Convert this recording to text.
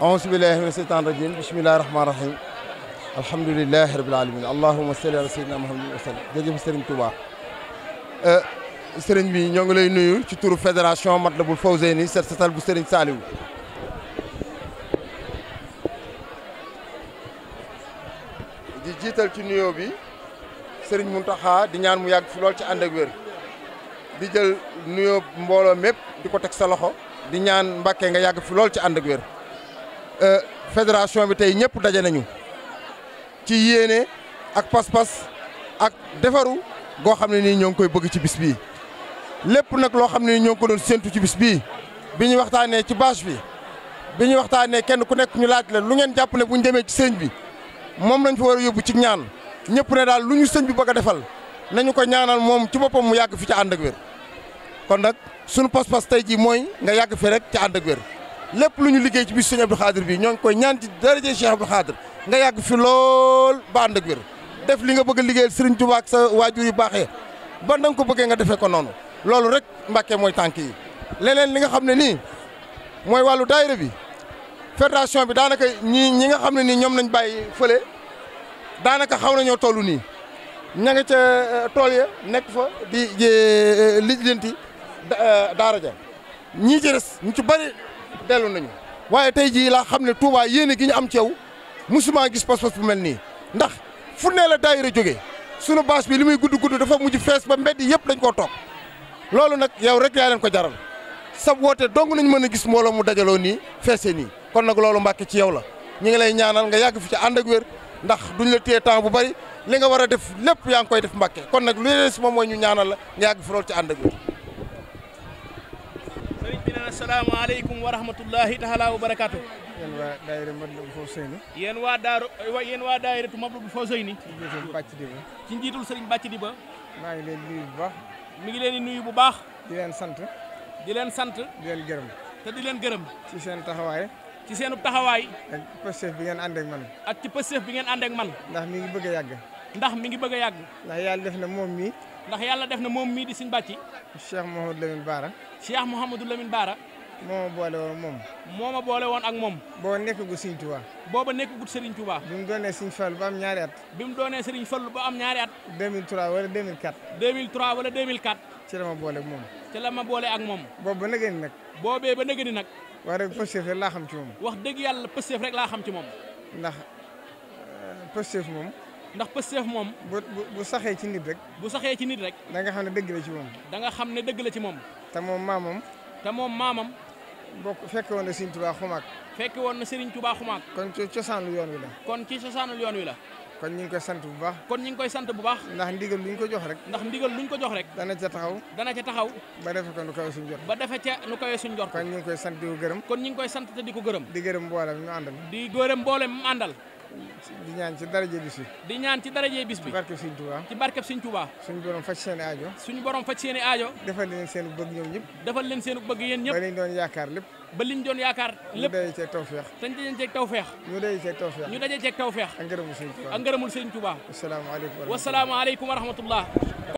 auzu billahi mina seytaan rajim bismillahi rahmaani rahim alhamdulilahi rabil alamin allahuma salli ala sayyidina muhammadin wa sallam jërëjëf sëriñ Touba euh, sëriñ bi ñoo ngi lay nuyu ci turu fédération Matlabul Fawzeyni set setal bu sëriñ Saliou di jiital ci nuyoo bi sëriñ Mountakha di ñaan mu yàgg fi lool ci ànd ak wér di jël nuyoo mbooloo mépp di ko teg sa loxo di ñaan Mbàkke nga yàgg fi lool ci ànd ak wér Euh, fédération bi tey ñëpp daje nañu ci yéene ak pas-pas ak defaru goo xam ni nii ñoo ngi koy bëgg ci bis bii lépp nag loo xam ne ñoo ngi ko doon séntu ci bis bii bi ñu waxtaanee ci bâche bi bi ñu waxtaanee kenn ku nekk ñu laaj la lu ngeen jàpp ne bu ñu demee ci sëñ bi moom lañ fa war a yóbbu ci ñaan ñëpp ne daal lu ñu sëñ bi bëgg a defal nañu ko ñaanal moom ci boppam mu yàgg fi ci ànd ak wér kon nag sunu pas-pas tey jii mooy nga yàgg fi rek ci ànd ak wér. lépp lu ñu liggéey ci bis sëñ Abdou Khadir bi ñoo ngi koy ñaan ci daraje Cheikh Abdou Khadir nga yàgg fi lool ba ànd ak def li nga bëgg a liggéeyal Serigne Touba ak sa waajur yu baaxee ba na ko bëggee nga defee ko noonu loolu rek Mbàkke mooy tànk yi leneen li nga xam ne nii mooy wàllu daayira bi fédération bi daanaka ñii ñi nga xam ne nii ñoom nañ bàyyi fële daanaka xaw nañoo toll nii ña nga ca euh, tool ya nekk fa di euh, lijjanti euh, daara ja ñii ci des ci bari dellu nañu waaye tey jii laa xam ne Touba yéene gi ñu am ci yow musuma gis pas-pas bu mel nii ndax fu nee la daayira jógee sunu baas bi li muy gudd gudd dafa mujj fees ba mbedd yëpp dañ koo toog loolu nag yow rek yaa leen ko jaral sab woote dong nañ mën a gis mbooloo mu dajaloo nii feese nii kon nag loolu mbakke ci yow la ñu ngi lay ñaanal nga yàgg fi ci ànd ak wér ndax duñu la téye temps bu bari li nga war a def lépp yaa ngi koy def Mbàkke kon nag lu des mooy ñu ñaanal la nga yàgg ci ànd ak wér sëriñ bi naan asalaamaaleykum wa rahmatullahi taala wa barakaatu. yéen waa daayira Matlabul Fawzayni. yéen waa daaru yéen waa ma daayiratu Matlabul Fawzayni. ci njiitul bàcc di ba. ci njiitul sëriñ bàcc di ba. maa ngi leen di nuyu bu baax. mi ngi leen di nuyu bu baax. di leen sant. di leen sant. di leen gërëm. te di leen gërëm. ci seen taxawaay. ci seenu taxawaay. ak ci pësteef bi ngeen ànd ak man. ak ci pësteef bi ngeen ànd man. ndax mi ngi bëgg a yàgg. ndax mi ngi bëgg a yàgg ndax yàlla def na moom mii ndax yàlla def na moom mii di Sëñ Bàcci Cheikh Mouhamadou Lamine Bara Cheikh Mouhamadou Lamine Bara moo ma boole woon moom moo ma boole woon ak moom boo nekkagul Sëñ Touba booba nekkagul Serigne Touba bi mu doonee Sëñ Fallu ba am ñaari at bi mu doonee Serigne Fallu ba am ñaari at 2003 wala 2004 2003 wala 2004 ci la ma boole ak moom ci la ma boole ak moom boobu ba nëgëni nag boobee ba nëgëni nag wax dëgg pësteef rek laa xam ci wax dëgg yàlla pësteef rek laa xam ci moom ndax euh, pësteef moom ndax pësteef moom. bu bu saxee ci nit rek. bu saxee ci nit rek. da nga xam ne dëgg la moom. da nga xam ne dëgg la ci moom. te moom maamam. te moom maamam. bokk fekke woon na Serigne Touba xumaak. fekke woon na Serigne Touba xumaak. kon ci cosaanul yoon wi la. kon ci cosaanul yoon wi la. kon ñu ngi koy sant bu baax. kon ñu ngi koy sant bu baax. ndax ndigal luñ ko jox rek. ndax ndigal luñ ko jox rek. dana ca taxaw. dana ca taxaw. ba defe ko nu kawe suñ ba defe ca nu kawe suñ jot. kon ñu ngi koy sant di ko gërëm. kon ñu ngi koy sant di ko gërëm. di gërëm mboolem mu àndal. di gërëm mboolem mu àndal. di ñaan ci daraje bis bi. di ñaan ci daraje bis bi. ci barkeb Sëñ Touba. ci barkeb Sëñ Touba. suñu borom faj seen aajo. suñu borom faj seen aajo. defal leen seen bëgg ñoom ñëpp. defal leen seen bëgg yéen ñëpp. ba liñ doon yaakaar lépp. ba liñ doon yaakaar lépp. ñu daje ceeg tawfeex. te ñu daje ceeg tawfeex. ñu daje ceeg tawfeex. ñu daje ceeg tawfeex. ak ngërëmul Sëñ Touba. ak ngërëmul Sëñ Touba. wasalaamaaleykum